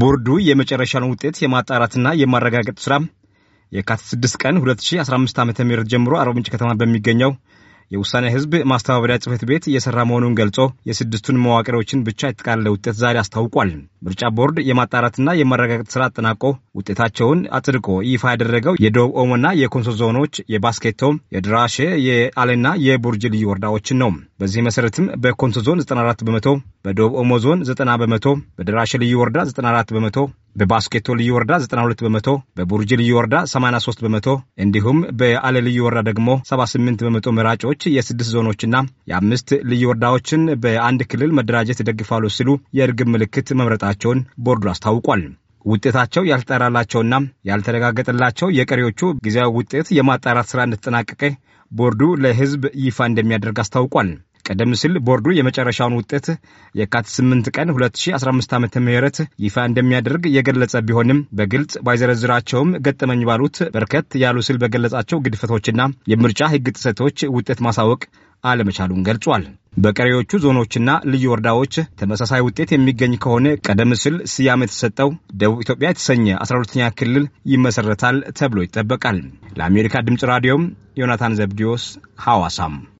ቦርዱ የመጨረሻን ውጤት የማጣራትና የማረጋገጥ ስራ የካቲት 6 ቀን 2015 ዓ ም ጀምሮ አርባ ምንጭ ከተማ በሚገኘው የውሳኔ ህዝብ ማስተባበሪያ ጽህፈት ቤት እየሰራ መሆኑን ገልጾ የስድስቱን መዋቅሮችን ብቻ የተቃለለ ውጤት ዛሬ አስታውቋል። ምርጫ ቦርድ የማጣራትና የማረጋገጥ ስራ አጠናቆ ውጤታቸውን አጽድቆ ይፋ ያደረገው የደቡብ ኦሞና የኮንሶ ዞኖች የባስኬቶ፣ የድራሼ፣ የአሌና የቡርጅ ልዩ ወረዳዎችን ነው። በዚህ መሰረትም በኮንሶ ዞን 94 በመቶ፣ በደቡብ ኦሞ ዞን 90 በመቶ፣ በድራሼ ልዩ ወረዳ 94 በመቶ በባስኬቶ ልዩ ወረዳ 92 በመቶ በቡርጅ ልዩ ወረዳ 83 በመቶ እንዲሁም በአለ ልዩ ወረዳ ደግሞ 78 በመቶ መራጮች የስድስት ዞኖችና የአምስት ልዩ ወረዳዎችን በአንድ ክልል መደራጀት ይደግፋሉ ሲሉ የእርግብ ምልክት መምረጣቸውን ቦርዱ አስታውቋል። ውጤታቸው ያልተጠራላቸውና ያልተረጋገጠላቸው የቀሪዎቹ ጊዜያዊ ውጤት የማጣራት ስራ እንደተጠናቀቀ ቦርዱ ለህዝብ ይፋ እንደሚያደርግ አስታውቋል። ቀደም ሲል ቦርዱ የመጨረሻውን ውጤት የካቲት 8 ቀን 2015 ዓ ም ይፋ እንደሚያደርግ የገለጸ ቢሆንም በግልጽ ባይዘረዝራቸውም ገጠመኝ ባሉት በርከት ያሉ ሲል በገለጻቸው ግድፈቶችና የምርጫ ህግ ጥሰቶች ውጤት ማሳወቅ አለመቻሉን ገልጿል። በቀሪዎቹ ዞኖችና ልዩ ወረዳዎች ተመሳሳይ ውጤት የሚገኝ ከሆነ ቀደም ሲል ስያሜ የተሰጠው ደቡብ ኢትዮጵያ የተሰኘ 12ኛ ክልል ይመሰረታል ተብሎ ይጠበቃል። ለአሜሪካ ድምፅ ራዲዮም ዮናታን ዘብዲዮስ ሐዋሳም